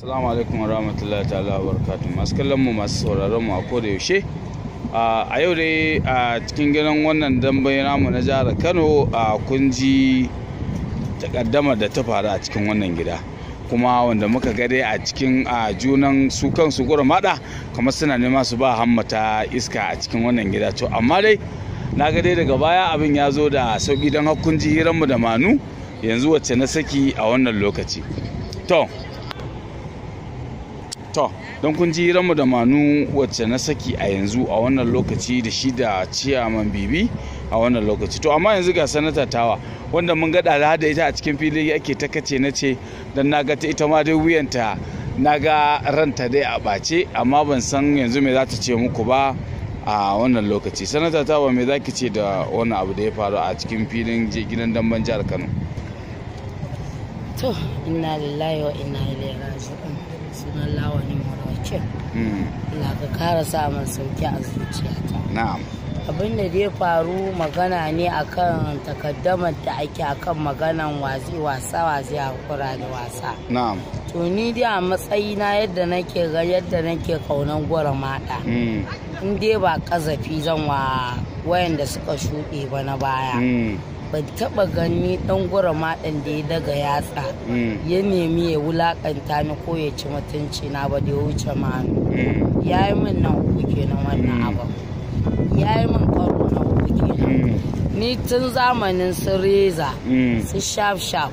Assalamu alaikum rahmatullahi ta'ala wabarakatuh. Masu kallon mu masu sauraron mu a da yaushe. A yau dai a cikin gidan wannan dambe namu na jihar Kano a kunji takaddama da ta faru a cikin wannan gida. kuma wanda muka ga dai a cikin a junan su kansu mada kamar suna nema su ba hammata iska a cikin wannan gida to amma dai na ga dai daga baya abin ya zo da sauki don hakkunji hiranmu da manu yanzu wacce na saki a wannan lokaci to to don kun ji ranmu da manu wacce na saki a yanzu a wannan lokaci da shi da ciyaman bibi a wannan lokaci to amma yanzu ga sanata tawa wanda mun ga da da ita a cikin fili ake ta kace na ce don na ga ta ita ma dai wuyanta na ga ranta dai a bace amma ban san yanzu me za ta ce muku ba a wannan lokaci sanata tawa me za ki ce da wannan abu da ya faru a cikin filin gidan damban jihar kano to inna lillahi wa inna ilaihi sunan lawani mawacin hmm. Allah ka kara samun sauki a zuciyata na'am abin zai faru magana ne akan takaddamar da ake akan maganan wasi wasa wasi kura da wasa na'am to ni dai a matsayina yadda nake ga yadda nake kaunan gwara mada hmm. in dai ba kazafi zan wa wayanda suka shuɗe ba na baya hmm. ban taɓa gani dan gura maɗan da ya daga yatsa mm. ya nemi ya wulakanta ni ko ya ci mutunci na ba da ya wuce manu mm. ya yi min nan uku na wannan mm. abin ya yi min karo na uku na. ni tun zamanin su reza su shaf shaf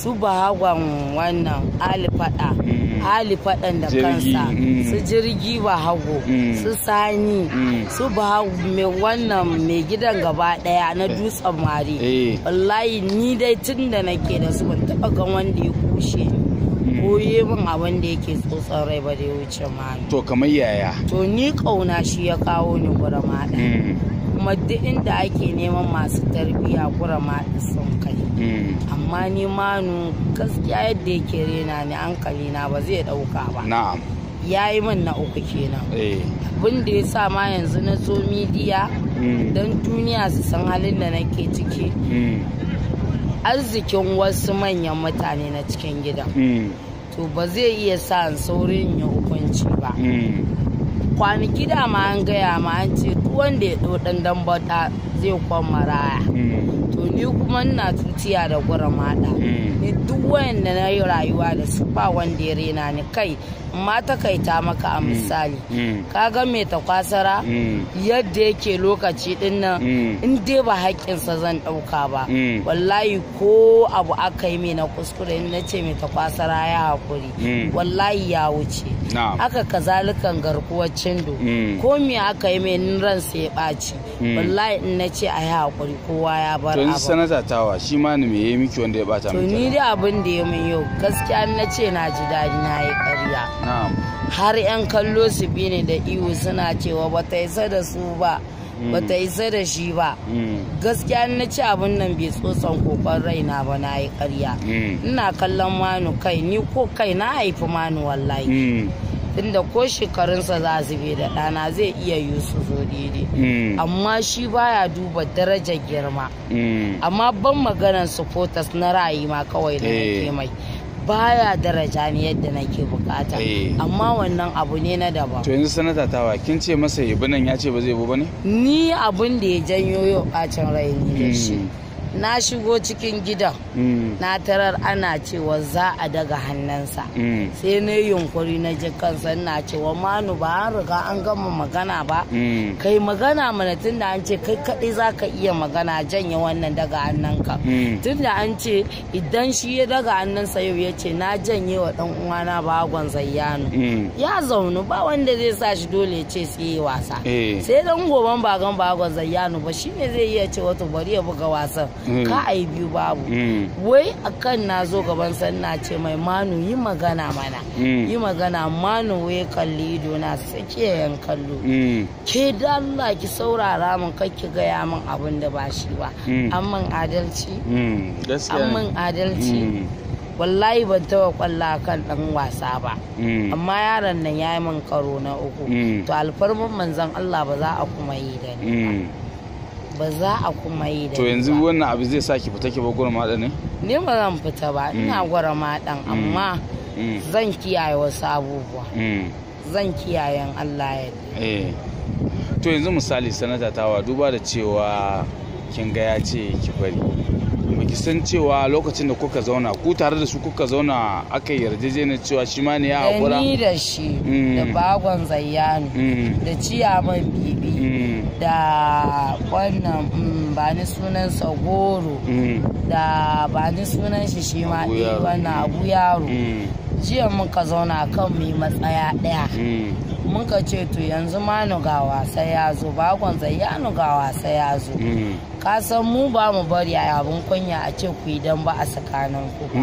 su bahagwan wannan alifada hali mm. faɗan da kansa mm. su jirgi ba hago mm. su sani su ba mai wannan mai gidan gaba ɗaya na eh. dutsen mari eh. wallahi ni dai tun da nake da su ban taɓa ga wanda ya kushe ko koye min abin da yake tsotson rai ba da ya wuce ma to kamar yaya to ni ƙauna shi ya kawo ni gurin kuma duk inda ake neman masu tarbiyya kura ma sun kai hmm. amma ni manu gaskiya yadda yake rena ni hankali na ba zai dauka ba na'am ya yi min na uku kenan eh. abin ya sa ma yanzu na zo midiya hmm. don duniya su san halin da nake ciki hmm. arzikin wasu manyan mutane na cikin gidan to ba zai iya sa saurin ya hukunci ba kwanaki da ma an gaya ma an ce wanda ya ɗo ɗan dambata zai kwan maraya mm. to ni kuma ina tutiya da mada mm. ni duk wayanda na yi rayuwa da su ba wanda ya rena ni kai amma takaita maka a mm. misali ka ga mai ta kwasara yadda yake lokaci din nan in dai ba haƙƙinsa zan ɗauka ba wallahi ko abu aka yi mai na kuskure in na ce mai ta kwasara ya haƙuri wallahi ya wuce haka kazalikan garkuwar cindo ko me aka yi mai ran sai ya ɓaci wallahi in na ce a yi hakuri kowa ya bar abu. Tunis sanata tawa shi ma ni me ya miki wanda ya bata mutane. To da abin da ya min yau gaskiya na ce na ji daɗi na yi ƙarya. Har 'yan kallo su bi ni da iwu suna cewa ba ta isa da su ba. Mm. Ba ta isa da shi ba. Mm. Gaskiya na ce abin nan bai tsotson kokon raina ba na yi karya. Mm. Ina kallon manu kai ni ko kai na haifi manu wallahi. Inda ko shekarunsa za su be da ɗana zai iya yi su zo daidai amma shi baya duba darajar girma hmm. amma ban maganar supporters na ra'ayi ma kawai da nake eh. mai baya daraja ni yadda nake bukata eh. amma wannan abu ne na daban to yanzu sanata tawa kin ce masa yabi nan ya ce ba zai bu bane ni abin da ya janyo yau bacin rai ne da shi hmm. na shigo cikin gidan mm. na tarar ana cewa za a daga hannunsa mm. sai na yunkuri na ji kansa na cewa manu ba an riga an gama magana ba mm. kai magana mana tun da an ce kai kaɗai za ka iya magana janye wannan daga hannunka da an ce idan shi ya daga hannunsa yau ya ce na janye wa ɗan uwana bagon zayyano ya zaunu ba wanda zai sa shi dole ce sai yi wasa eh. sai dan goban ba bagon zayyano ba shine zai iya ce wato bari ya buga wasan Hmm. ka a yi biyu babu hmm. wai akan na zo gaban sanna ce mai manu yi magana mana hmm. yi magana manu wai kalli ido na yan kallo ke dalla ki saurara mun kai ki gaya min abin da ba shi ba amman adalci amman adalci wallahi ban taba kwalla kan dan wasa ba amma yaron nan ya yi min karo na uku to alfarmin manzan Allah ba za a kuma yi da ni ba ba za a kuma yi da to yanzu wannan abu zai saki fita ki ba gwara ma ne ne ba zan fita ba mm. ina gwara maɗan mm. amma mm. zan kiyaye wasu abubuwa zan kiyaye Allah ya eh. to yanzu misali sanata tawa duba da cewa kin ga ya ce ki bari ki san cewa lokacin da kuka zauna ku tare da su kuka zauna aka yarjejeniyar cewa shi ma ne ya haƙura ni da shi da bagon zayyano da ciyaman bibi da wannan mm, ba ni sunan sagoro, mm. da ba ni sunan shi shi ma eh, wannan abu yaro mm. jiya muka zauna kan mai matsaya ɗaya muka ce to yanzu ma nuga wasa ya zo bakon ya nuga wasa ya zo ka mu ba mu bari a abin kunya a ce ku idan ba a tsakanin ku ba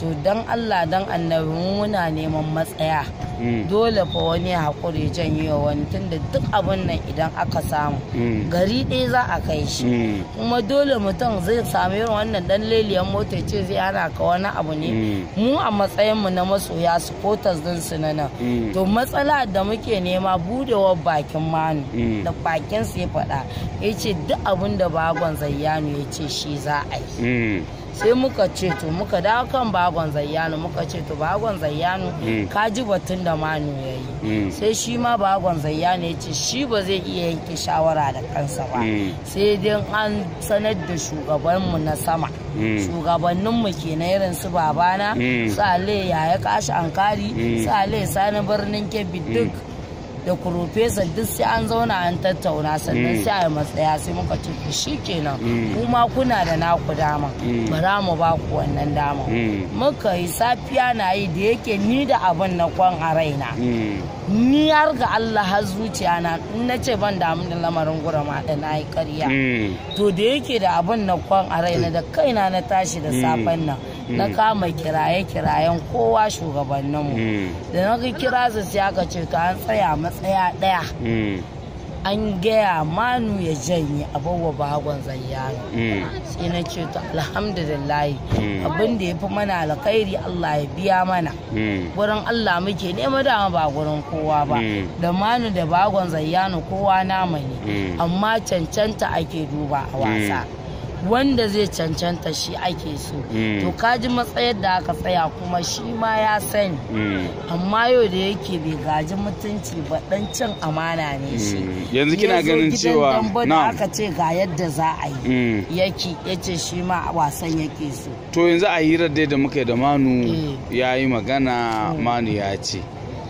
to dan Allah dan annabi muna neman matsaya Mm. dole fa wani hakuri janyo wani tunda duk abin nan idan aka samu mm. gari ɗaya za a kai shi mm. kuma dole mutum zai sami irin wannan dan leliyan mota ce zai ana ka wani abu ne mu a matsayin mu na masoya su kotas din su na nan to matsala da muke nema budewar bakin manu da bakin ya faɗa ya ce duk abin da bagon zayyano ya ce shi za a yi sai muka ce to muka dawo kan bagon zayyano muka ce to bagon zayyano mm. ka ji batun da manu ya yi mm. sai shi ma bagon zayyano ya ce shi ba zai iya yanke shawara da kansa ba mm. sai dai an sanar da shugabanmu na sama shugabanninmu kenan irin su babana su ale yaya kashi ankari su ale sani birnin kebbi duk da kurofesa duk sai an zauna an tattauna sannan mm. sai a yi matsaya sai muka ce shi kenan mm. kuma kuna da naku dama mm. bara mu ba ku wannan dama muka yi safiya na yi da yake ni da abin na kwan a raina ni har ga Allah har zuciya na in na ce ban damu da lamarin gurama da na yi karya to da yake da abin na kwan a raina da kaina na tashi da safen nan na hmm. kama kiraye-kirayen kowa shugabanninmu hmm. da na kira su sai ka ce ka an tsaya matsaya ɗaya hmm. an gaya manu ya janye abubuwa bagon zayyano sai na ce to alhamdulillahi abin da ya fi mana alkhairi Allah ya biya mana Wurin Allah muke nema dama ba gurin kowa ba da manu da bagon zayyano kowa nama ne amma cancanta ake duba a wasa wanda zai cancanta shi ake so mm. to kaji matsayar da aka tsaya kuma shi ma ya sani mm. amma yau da yake bai gaji mutunci ba dan cin amana ne mm. shi yanzu kina ganin cewa na aka ce ga yadda za a yi yake yace shi ma wasan yake so to yanzu a hirar dai da muka da manu eh. ya magana manu ya ce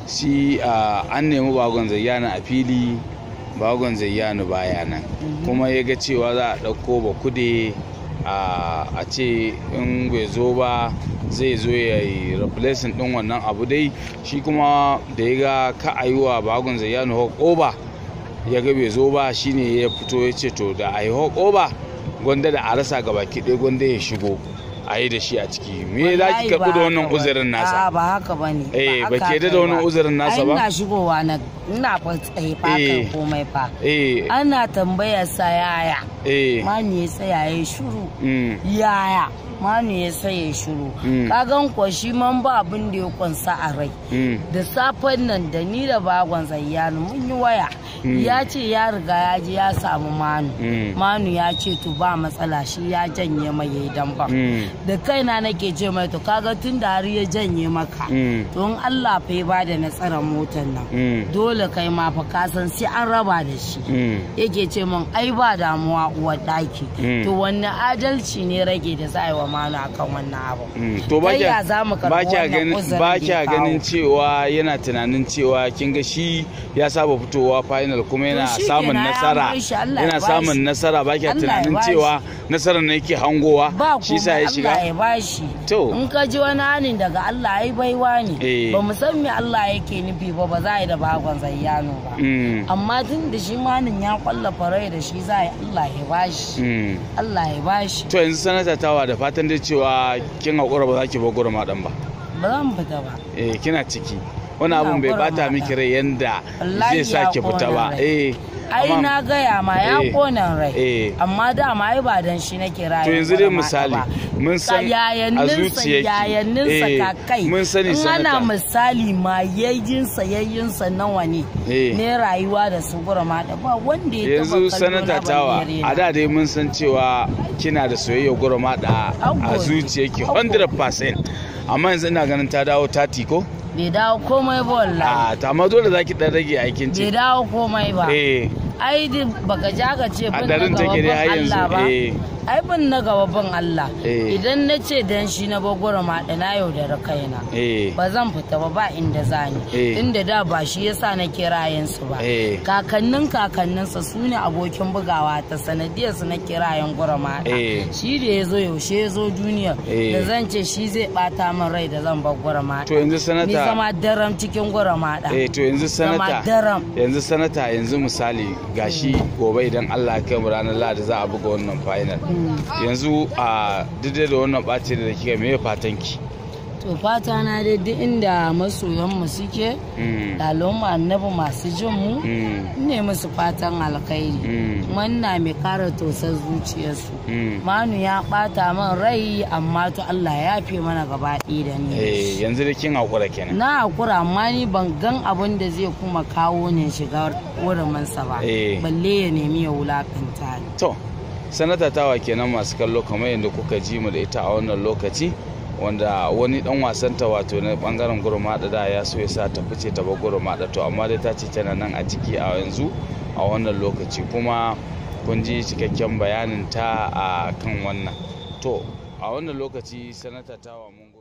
shi ah, an nemi bagon zayyana a fili bagon zayyanu baya nan kuma ya ga cewa za a ɗauko ba kude a ce in bai zo ba zai zo ya yi replacing ɗin wannan abu dai shi kuma da ya ga ka a yi wa bagon zayyanu hokoba ya ga bai zo ba shine ya fito ya ce to da a yi hokoba gwanda da a rasa gaba kiɗe gwanda ya shigo a yi da shi a ciki me za ki karɓi da wannan uzurin nasa a ba haka ba ne eh ba ke da wannan uzurin nasa ba ina shigowa na ina fa tsaye fa kan eh. komai fa eh ana tambaya sa yaya eh ma ne tsaya yayi shiru mm. yaya mani ya saye shiru mm. kagan kuwa shi man ba abin da ya kunsa a rai mm. da safen nan da ni da bagon zayyanu mun yi waya mm. ya ce ya riga ya ji ya samu manu manu ya ce to ba matsala shi ya janye mai ya yi damba da kaina nake ce mai to kaga tun da har ya janye maka to in Allah fa ya bada nasarar motar nan dole kai ma fa ka san sai an raba da shi yake ce min ai ba damuwa uwar daki to wanne adalci ne rage da za a yi manu akan wannan abu mm, to ba kya ba kya ganin cewa yana tunanin cewa kin ga shi ya saba fitowa final kuma yana samun nasara yana samun nasara ba kya tunanin cewa nasarar ne yake hangowa shi sa ya shiga Allah ya bashi to in ka ji wani hanin daga Allah ai baiwa ne eh. ba mu san me Allah yake nufi ba ba za a yi da bagon zayyano ba mm. amma tun da shi manin ya kwallafa rai da shi za a yi Allah ya bashi mm. Allah ya bashi to yanzu sanata tawa da fatan fatan dai cewa kin haƙura ba za ki bar gurma ɗan ba ba za mu fita ba eh kina ciki wani abun bai bata miki rai yanda zai sa ki fita ba eh ai na gaya ma ya eh. konan rai eh. amma dama ai ba dan shi nake rayu to yanzu dai misali mun san a zuciyarki yayannin sa eh, kakai mun sani ana misali ma yayin sayayyin nawa ne ne rayuwa da su gura ma da ba wanda ya taba yanzu sanata tawa a da dai mun san cewa kina da soyayya gura ma da a zuciyarki 100% amma yanzu ina ganin ta dawo ta ko bai dawo komai ba wallahi ah, ta amma dole zaki dan rage aikin ce bai dawo komai ba eh ai baka ja ce bin daga babban Allah ba eh. ai ban na gaba ban Allah eh. idan na ce dan shi na bagwara ma da na da kaina eh. ba zan fita ba ba inda za ni eh. inda da ba shi yasa na kirayensu ba kakannin kakanninsa su ne abokin bugawa ta sanadiyar su na kirayen gwara ma shi da ya zo yaushe ya zo duniya da zan ce shi zai bata min rai da zan ba gwara ma to yanzu sanata ni zama daram cikin gwara ma to yanzu sanata yanzu sanata yanzu misali gashi gobe idan Allah ya kai mu ranar Lahadi za a buga wannan final mm. yanzu a duk da wannan ɓace da kika me fatan ki to fata na dai duk inda masoyan mu suke ɗaliban mm. mu annabi masu jin mm. mu ne musu fatan alkhairi kuma mm. ina mai kara tosar zuciyarsu manu ya bata man rai amma to Allah ya fi mana gaba da ni eh, yanzu da kin hakura kenan na hakura amma ni ban gan abin da zai kuma kawo ne shiga wurin mansa ba eh. balle ya nemi ya wulakanta to sanata tawa kenan masu kallo kamar yadda kuka ji mu da ita a wannan lokaci wanda wani dan wasanta wato na bangaren gurmada da ya so ya sa ta fice ta ba gurmada to amma dai ta ce tana nan a ciki a yanzu a wannan lokaci kuma kun ji cikakken bayanin ta a kan wannan to a wannan lokaci sanata tawa mun